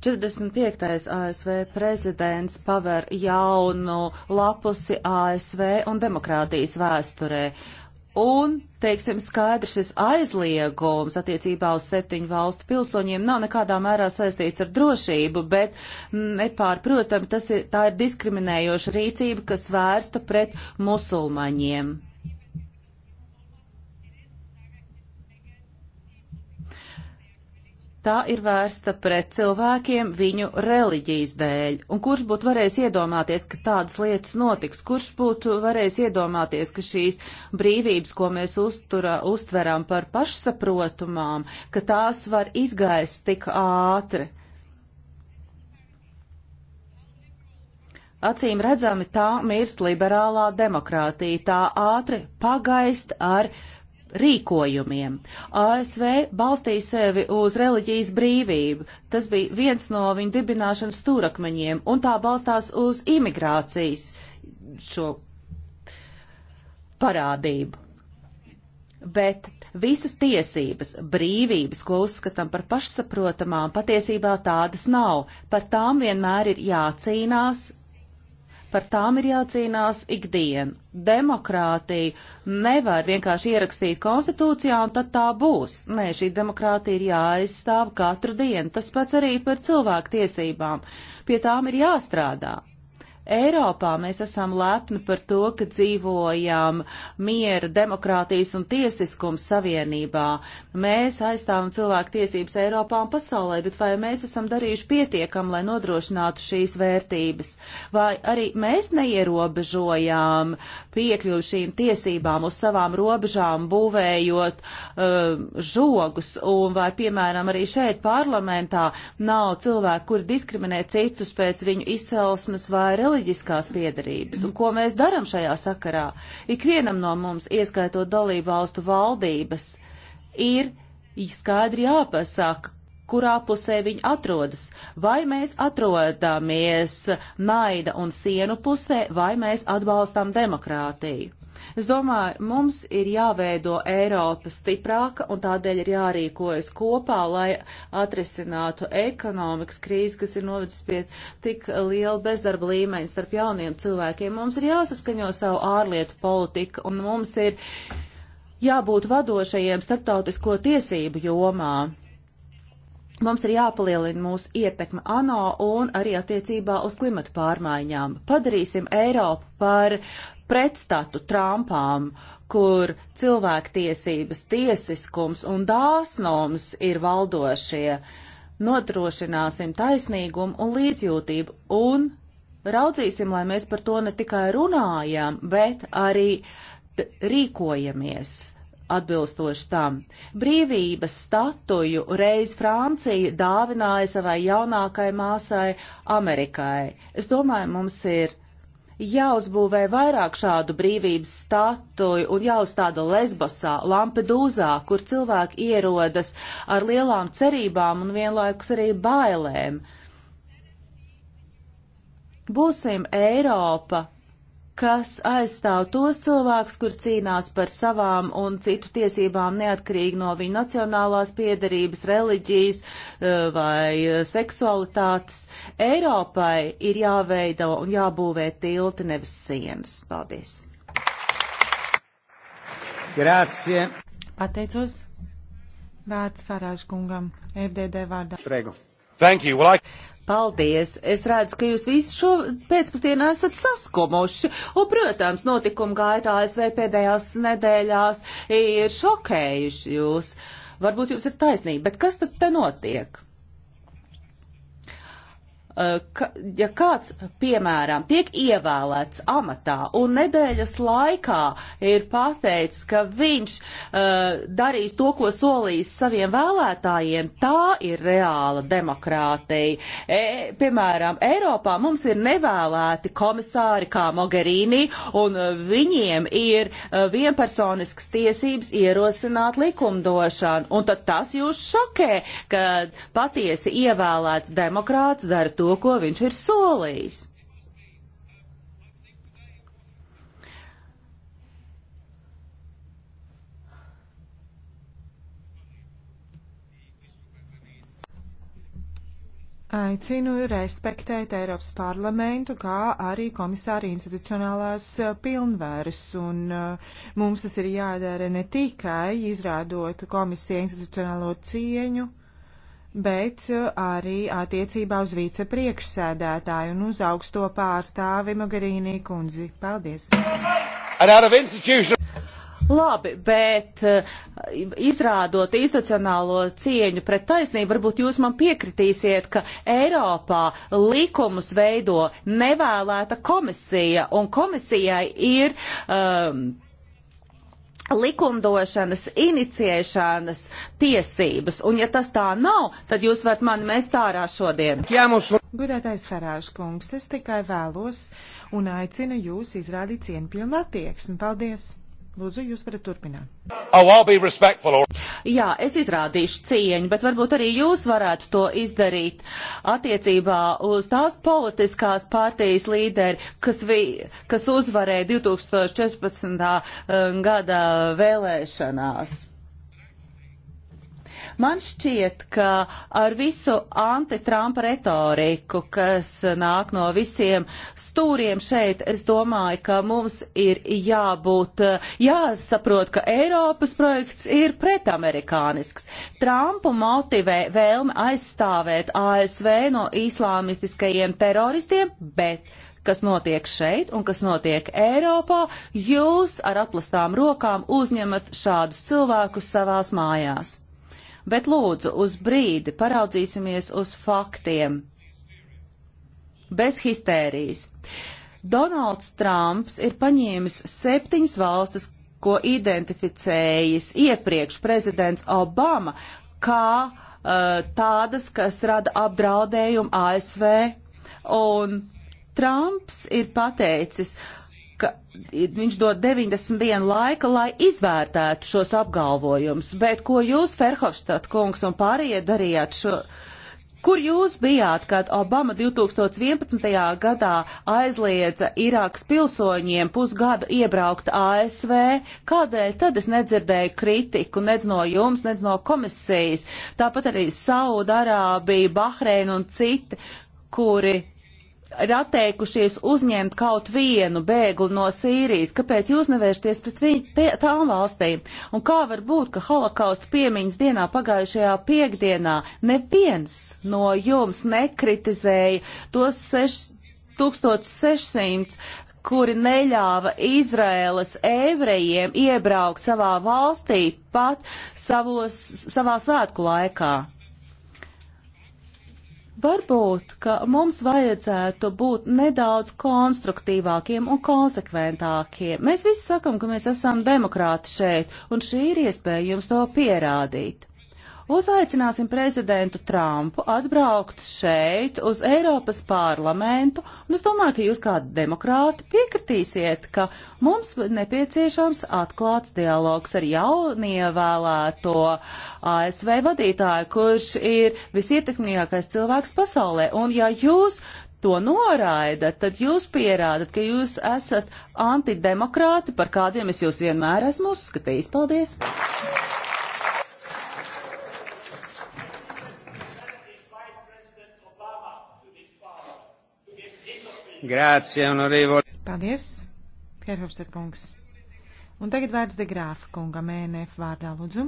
45. ASV prezidents paver jaunu lapusi ASV un demokrātijas vēsturē. Un, teiksim, skaidrs šis aizliegums attiecībā uz septiņu valstu pilsoņiem nav nekādā mērā saistīts ar drošību, bet mm, nepārprotami tas ir, tā ir diskriminējoša rīcība, kas vērsta pret musulmaņiem. Tā ir vērsta pret cilvēkiem viņu reliģijas dēļ. Un kurš būtu varējis iedomāties, ka tādas lietas notiks? Kurš būtu varējis iedomāties, ka šīs brīvības, ko mēs uztura, uztveram par pašsaprotamām, ka tās var izgaist tik ātri? Acīm redzami tā mirst liberālā demokrātija, tā ātri pagaist ar uh, rīkojumiem. ASV balstīja sevi uz reliģijas brīvību. Tas bija viens no viņa dibināšanas stūrakmeņiem, un tā balstās uz imigrācijas šo parādību. Bet visas tiesības, brīvības, ko uzskatām par pašsaprotamām, patiesībā tādas nav. Par tām vienmēr ir jācīnās, Par tām ir jācīnās ikdien. Demokrātija nevar vienkārši ierakstīt konstitūcijā un tad tā būs. Nē, šī demokrātija ir jāaizstāv katru dienu. Tas pats arī par cilvēku tiesībām. Pie tām ir jāstrādā. Eiropā mēs esam lepni par to, ka dzīvojam miera, demokrātijas un tiesiskums savienībā. Mēs aizstāvam cilvēku tiesības Eiropā un pasaulē, bet vai mēs esam darījuši pietiekam, lai nodrošinātu šīs vērtības? Vai arī mēs neierobežojām piekļuvu šīm tiesībām uz savām robežām, būvējot uh, žogus? Un vai, piemēram, arī šeit parlamentā nav cilvēku, kuri diskriminē citus pēc viņu izcelsmes vai reliģijas? reliģiskās piedarības. Un ko mēs daram šajā sakarā? Ikvienam no mums, ieskaitot dalību valstu valdības, ir skaidri jāpasaka, kurā pusē viņi atrodas. Vai mēs atrodamies naida un sienu pusē, vai mēs atbalstam demokrātiju. Es domāju, mums ir jāveido Eiropa stiprāka un tādēļ ir jārīkojas kopā, lai atrisinātu ekonomikas krīzi, kas ir novedis pie tik liela bezdarba līmeņa starp jauniem cilvēkiem. Mums ir jāsaskaņo savu ārlietu politiku un mums ir jābūt vadošajiem starptautisko tiesību jomā. Mums ir jāpalielina mūsu ietekme ANO un arī attiecībā uz klimatu pārmaiņām. Padarīsim Eiropu par pretstatu Trumpām, kur cilvēktiesības, tiesiskums un dāsnums ir valdošie. Nodrošināsim taisnīgumu un līdzjūtību un raudzīsim, lai mēs par to ne tikai runājam, bet arī rīkojamies atbilstoši tam. Brīvības statuju reiz Francija dāvināja savai jaunākajai māsai Amerikai. Es domāju, mums ir jāuzbūvē vairāk šādu brīvības statuju un jāuzstāda Lesbosā, Lampedūzā, kur cilvēki ierodas ar lielām cerībām un vienlaikus arī bailēm. Būsim Eiropa, kas aizstāv tos cilvēkus, kur cīnās par savām un citu tiesībām neatkarīgi no viņu nacionālās piedarības, reliģijas eh, vai eh, seksualitātes. Eiropai ir jāveido un jābūvē tilti, nevis sienas. Paldies! Grācie! Pateicos! Vārds Farāžkungam, FDD vārdā. Prego. Thank you. Well, I... Paldies! Es redzu, ka jūs visu šo pēcpusdienu esat saskumuši, un, protams, notikuma gaitā ASV pēdējās nedēļās ir šokējuši jūs. Varbūt jums ir taisnība, bet kas tad te notiek? Eh, ka, ja kāds, piemēram, tiek ievēlēts amatā un nedēļas laikā ir pateicis, ka viņš uh, darīs to, ko solījis saviem vēlētājiem, tā ir reāla demokrātija. E, piemēram, Eiropā mums ir nevēlēti komisāri kā Mogherini, un uh, viņiem ir uh, vienpersoniskas tiesības ierosināt likumdošanu. Un tad tas jūs šokē, ka patiesi ievēlēts demokrāts dara to, ko viņš ir solījis. Aicinu respektēt Eiropas parlamentu, kā arī komisāra institucionālās eh, pilnvērs, un eh, mums tas ir jādara ne tikai izrādot komisiju institucionālo cieņu, bet eh, arī attiecībā uz vicepriekšsēdētāju un uz augsto pārstāvi Magarīnī kundzi. Paldies! Labi, bet eh, izrādot institucionālo cieņu pret taisnību, varbūt jūs man piekritīsiet, ka Eiropā likumus veido nevēlēta komisija, un komisijai ir. Um, likumdošanas, iniciēšanas tiesības. Un ja tas tā nav, tad jūs varat mani mest ārā šodien. Jā, mums. Gudētais Harāškungs, es tikai vēlos un aicinu jūs izrādīt cienpilnu attieksmi. Paldies! Lūdzu, jūs varat turpināt. Oh, Jā, es izrādīšu cieņu, bet varbūt arī jūs varētu to izdarīt attiecībā uz tās politiskās pārtījas līderi, kas, vi, kas uzvarēja 2014. gada vēlēšanās. Man šķiet, ka ar visu anti-Trumpa retoriku, kas nāk no visiem stūriem šeit, es domāju, ka mums ir jābūt, jāsaprot, ka Eiropas projekts ir pretamerikānisks. Trumpu motivē vēlme aizstāvēt ASV no islāmistiskajiem teroristiem, bet kas notiek šeit un kas notiek Eiropā, jūs ar aplastām rokām uzņemat šādus cilvēkus savās mājās bet lūdzu uz brīdi paraudzīsimies uz faktiem, bez histērijas. Donalds Trumps ir paņēmis septiņas valstis, ko identificējis iepriekš prezidents Obama, kā uh, tādas, kas rada apdraudējumu ASV. Un Trumps ir pateicis, uh, ka viņš dod 90 dienu laika, lai izvērtētu šos apgalvojumus. Bet ko jūs, Ferhofstadt kungs un pārējie darījāt šo? Kur jūs bijāt, kad Obama 2011. gadā aizliedza Irākas pilsoņiem pusgadu iebraukt ASV? Kādēļ tad es nedzirdēju kritiku nec no jums, nec no komisijas? Tāpat arī Saudarābija, Bahreina un citi, kuri ir atteikušies uzņemt kaut vienu bēgli no Sīrijas, kāpēc jūs nevēršties pret viņu, te, tām valstīm? Un kā var būt, ka holokausta piemiņas dienā pagājušajā piekdienā neviens no jums nekritizēja tos 1600 kuri neļāva Izraēlas evrejiem iebraukt savā valstī pat savos, savā svētku laikā. Varbūt, ka mums vajadzētu būt nedaudz konstruktīvākiem un konsekventākiem. Mēs visi sakam, ka mēs esam demokrāti šeit, un šī ir iespēja jums to pierādīt. Uzaicināsim prezidentu Trumpu atbraukt šeit uz Eiropas parlamentu, un es domāju, ka jūs kā demokrāti piekritīsiet, ka mums nepieciešams atklāts dialogs ar jaunievēlēto ASV vadītāju, kurš ir visietekmīgākais cilvēks pasaulē. Un ja jūs to noraidat, tad jūs pierādat, ka jūs esat antidemokrāti, par kādiem es jūs vienmēr esmu uzskatījis. Paldies! Grācija, honorevoli. Paldies, Herhofstad kungs. Un tagad vārds de Grāfa kungam, ENF vārdā lūdzu.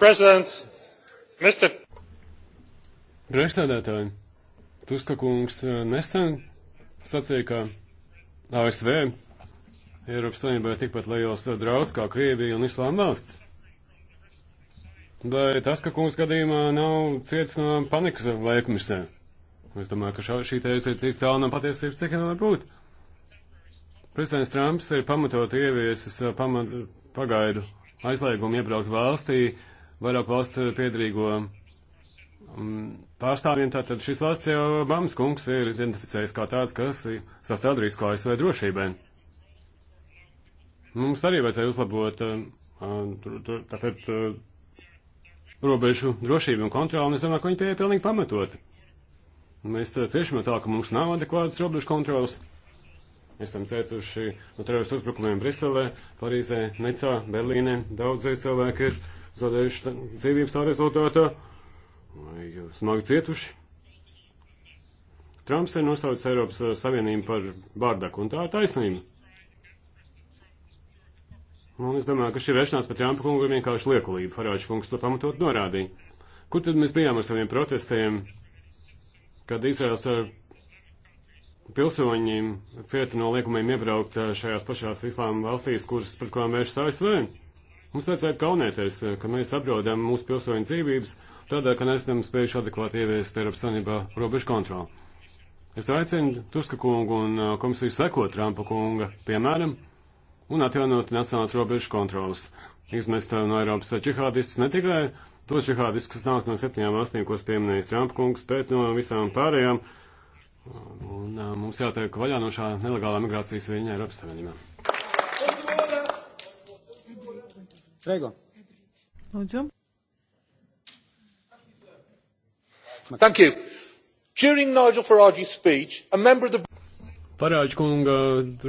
President, Mr. Priekšstādātāji, Tuska kungs eh, nesen sacīja, ka ASV Eiropas Savienībā ir tikpat liels eh, draudz kā Krievija un Islāma valsts. Vai tas, ka kungs gadījumā nav ciets no panikas laikmisē? Es domāju, ka šā, šī tēze ir tik tālu no patiesības, cik vien var būt. Prezidents Trumps ir pamatot ieviesis pamat, pagaidu aizliegumu iebraukt valstī, vairāk valsts piedarīgo um, pārstāvjiem. Tātad šis valsts jau Obamas kungs ir identificējis kā tāds, kas sastāv risku ASV drošībai. Mums arī vajadzēja uzlabot tātad robežu drošību un kontroli, un es domāju, ka viņi pieeja pilnīgi pamatoti. Mēs ciešam no tā, ka mums nav adekvātas robežu kontrolas. Esam cietuši no teroristu uzbrukumiem Briselē, Parīzē, Necā, Berlīnē. Daudzie cilvēki ir zaudējuši dzīvības tā rezultātā vai eh, smagi cietuši. Trumps ir nosaucis Eiropas eh, Savienību par bārdaku, un tā ir taisnība. Un es domāju, ka šī vēršanās pret Trumpa kungu ir vienkārši liekulība. Farāģis kungs to pamatot norādīja. Kur tad mēs bijām ar saviem protestiem? kad Izraels ar eh, pilsoņiem cieta no liekumiem iebraukt eh, šajās pašās islāma valstīs, kuras pret kurām vēršas ASV. Mums vajadzētu kaunēties, eh, ka mēs apdraudam mūsu pilsoņu dzīvības tādēļ, ka nesam spējuši adekvāti ieviest Eiropas Savienībā robežu kontroli. Es aicinu Tuska kungu un komisiju sekot Trumpa kunga piemēram un atjaunot nacionālās robežu kontrolas izmest no Eiropas džihādistus, ne tikai tos džihādistus, kas nāk no septiņām valstīm, ko pieminējis Rampkungs, bet no visām pārējām. Un uh, mums jātiek vaļā no šā nelegālā migrācijas viļņa Eiropas Savienībā. Prego. Lūdzu. Thank you. During Nigel Farage's speech, a member of the... Farage kunga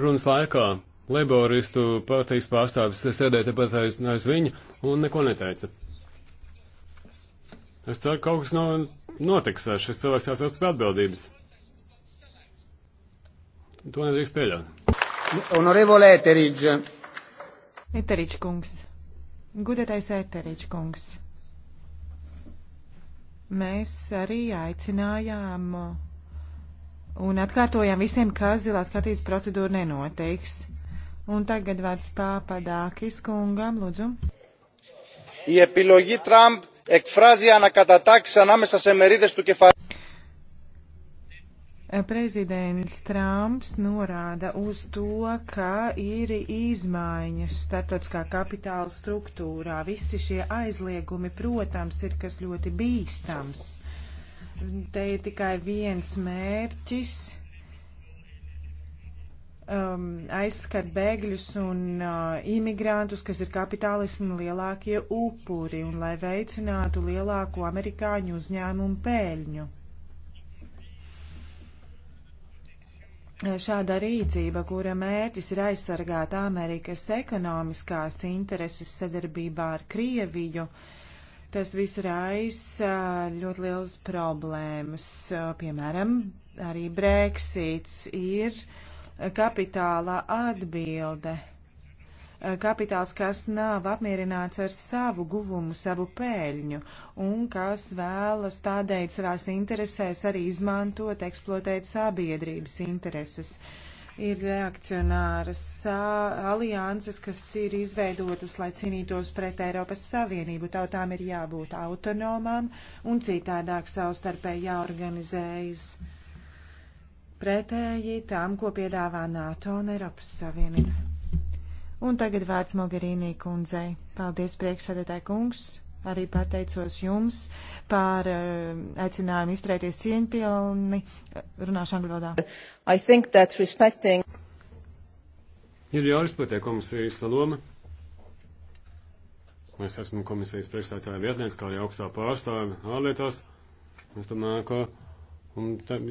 runas laikā Leiboristu partijas pārstāvis sēdēja tepat aiz, aiz viņa un neko neteica. Es ceru, ka kaut kas nav notiks. Šis cilvēks jāsauc pie atbildības. To nedrīkst pieļaut. Honorevole Eteriģ. Eteriģ kungs. Gudētais Eteriģ kungs. Mēs arī aicinājām un atkārtojām visiem, ka zilās kartītes procedūra nenoteiks. Un tagad vārds Pāpadākis kungam, lūdzu. Η επιλογή Τραμπ εκφράζει ανακατατάξεις ανάμεσα σε μερίδες του κεφαλαίου. Prezidents Trumps norāda uz to, ka ir izmaiņas starptautiskā kapitāla struktūrā. Visi šie aizliegumi, protams, ir kas ļoti bīstams. Te ir tikai viens mērķis um, aizskar bēgļus un uh, imigrantus, kas ir kapitālismu lielākie upuri un lai veicinātu lielāko amerikāņu uzņēmumu pēļņu. Šāda rīcība, kura mērķis ir aizsargāt Amerikas ekonomiskās intereses sadarbībā ar Krieviju, tas viss raisa ļoti liels problēmas. Piemēram, arī Brexits ir uh, kapitāla atbilde. Kapitāls, kas nav apmierināts ar savu guvumu, savu pēļņu, un kas vēlas tādēļ savās interesēs arī izmantot, eksploatēt sabiedrības intereses. Ir reakcionāras alianses, kas ir izveidotas, lai cīnītos pret Eiropas Savienību. Tautām ir jābūt autonomām un citādāk savstarpēji jāorganizējas pretēji tām, ko piedāvā NATO un Eiropas Savienība. Un tagad vārds Mogherīnī kundzei. Paldies, priekšsēdētāji kungs! Arī pateicos jums par uh, aicinājumu izturēties cieņpilni eh, runāšu angļu valodā. Respecting... Ir jārespektē komisijas loma. Es esmu komisijas priekšstādātāja vietnieks, kā arī augstā pārstāve ārlietās. Es domāju, ka un tā,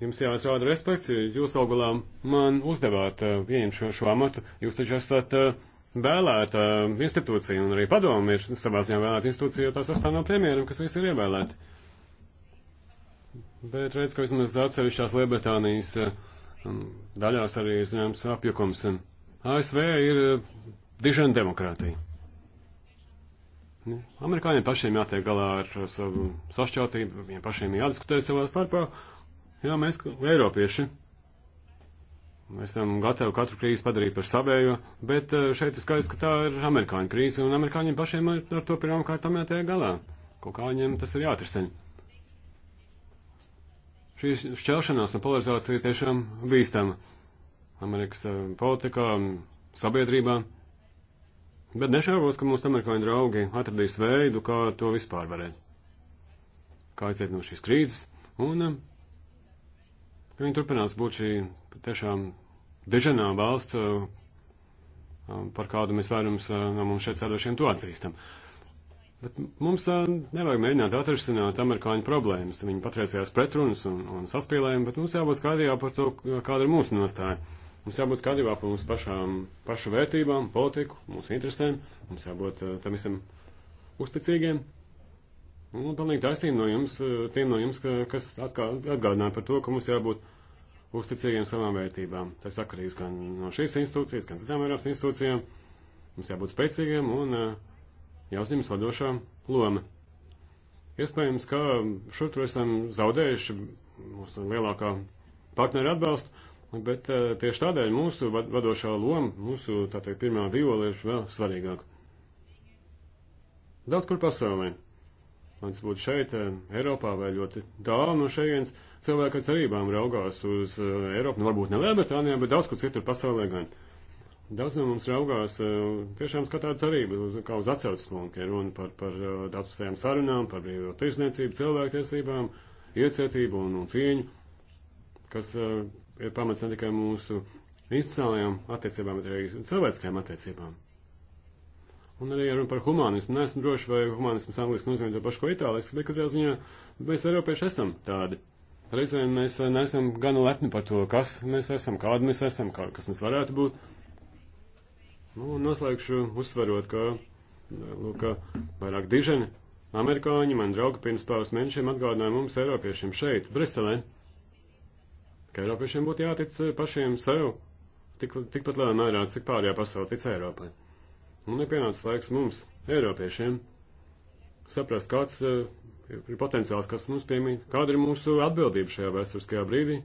jums jāizrāda respekts, jūs galu galā man uzdevāt uh, pieņemt šo, šo amatu, jūs taču esat uh, vēlēta uh, institūcija, un arī padomu ir savā ziņā vēlēta institūcija, jo tā sastāv no premjeriem, kas visi ir ievēlēti. Bet redz, ka vismaz atsevišķās Lielbritānijas eh, daļās arī ir zināms apjukums. ASV ir dižena demokrātija. Amerikāņiem pašiem jātiek galā ar savu sašķeltību, viņiem pašiem jādiskutē savā starpā, Jā, mēs, Eiropieši, esam gatavi katru krīzi padarīt par savējo, bet eh, šeit ir skaidrs, ka tā ir amerikāņu krīze, un amerikāņiem pašiem ar, ar to pirmām kārtām jātiek galā. Kaut kā viņiem tas ir jāatriseņ. Šī šķelšanās un polarizācija ir tiešām bīstama Amerikas eh, politikā, sabiedrībā, bet nešaubos, ka mūsu amerikāņu draugi atradīs veidu, kā to vispār varēt. Kā aiziet no šīs krīzes, un eh, ka viņi turpinās būt šī tiešām dežanā valsts, par kādu mēs vairums no mums šeit sēdošiem to atzīstam. Bet mums tā nevajag mēģināt atrisināt amerikāņu problēmas, viņu patreizējās pretrunas un, un saspīlējumi, bet mums jābūt skaidrībā par to, kāda ir mūsu nostāja. Mums jābūt skaidrībā par mūsu pašām, pašu vērtībām, politiku, mūsu interesēm, mums jābūt tam visam uzticīgiem. Un nu, pilnīgi taisnība no jums, eh, tiem no jums, kas atgādināja par to, ka mums jābūt uzticīgiem savām vērtībām. Tas atkarīgs gan no šīs institūcijas, gan citām Eiropas institūcijām. Mums jābūt spēcīgiem un eh, jāuzņemas vadošā loma. Iespējams, ka šur tur esam zaudējuši mūsu lielākā partneru atbalstu, bet eh, tieši tādēļ mūsu vadošā loma, mūsu tātad pirmā viola ir vēl svarīgāka. Daudz kur pasaulē. Vai tas būtu šeit, eh, Eiropā, vai ļoti tālu no šejienes, cilvēki ar cerībām raugās uz eh, Eiropu, nu varbūt ne Lielbritānijā, bet daudz kur citur pasaulē gan. Daudz no mums raugās eh, tiešām kā tāda cerība, kā uz atcaucas punktu, ja runa par, par daudzpusējām sarunām, par brīvo tirsniecību, cilvēktiesībām, iecietību un, un cieņu, kas ir pamats ne tikai mūsu institucionālajām attiecībām, bet arī cilvēciskajām attiecībām. Un arī runa par humanismu. Nesmu droši, vai humanisms angliski nozīmē to pašu, ko itāliski, bet katrā ziņā mēs Eiropieši esam tādi. Reizēm mēs eh, neesam gan lepni par to, kas mēs esam, kādi mēs esam, kā, kas mēs varētu būt. Nu, un noslēgšu uzsverot, ka, eh, lūk, vairāk diženi amerikāņi, mani draugi, pirms pāris mēnešiem atgādināja mums, Eiropiešiem, šeit, Briselē, ka Eiropiešiem būtu jātic eh, pašiem sev tik, tikpat lielā mērā, cik pārējā pasaule tic Eiropai. Un nu, nu ir pienācis laiks mums, Eiropiešiem, saprast, kāds uh, ir potenciāls, kas mums piemīt, kāda ir mūsu atbildība šajā vēsturiskajā brīdī.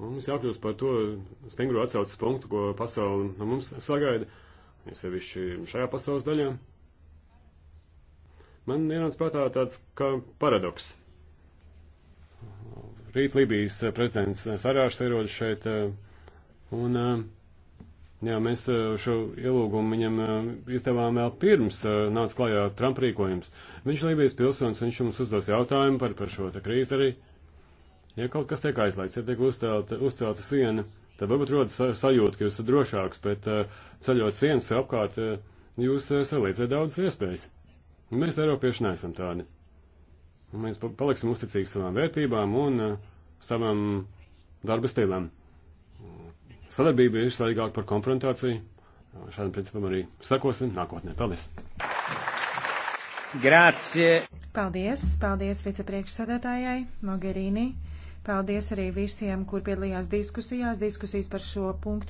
Un mums jākļūst par to stingru atsaucas punktu, ko pasauli no mums sagaida, ja sevišķi šajā pasaules daļā. Man ienāca prātā tāds kā paradoks. Rīt Libijas eh, prezidents eh, Sarāšs ierodas šeit, un uh, Jā, mēs šo ielūgumu viņam izdevām vēl pirms nāca klajā Trumpa rīkojums. Viņš ir Lībijas pilsonis, viņš mums uzdos jautājumu par, par šo krīzi arī. Ja kaut kas tiek aizlaists, ja tiek uzcelta, uzcelta siena, tad varbūt rodas sajūta, ka jūs esat drošāks, bet ceļot sienas apkārt, jūs salīdzat daudzas iespējas. Mēs Eiropieši neesam tādi. Mēs paliksim uzticīgi savām vērtībām un savam darba stilam sadarbība ir svarīgāka par konfrontāciju. Šādam principam arī sekosim nākotnē. Paldies! Grācie! Paldies! Paldies vicepriekšsēdētājai Mogherini! Paldies arī visiem, kur piedalījās diskusijās. Diskusijas par šo punktu.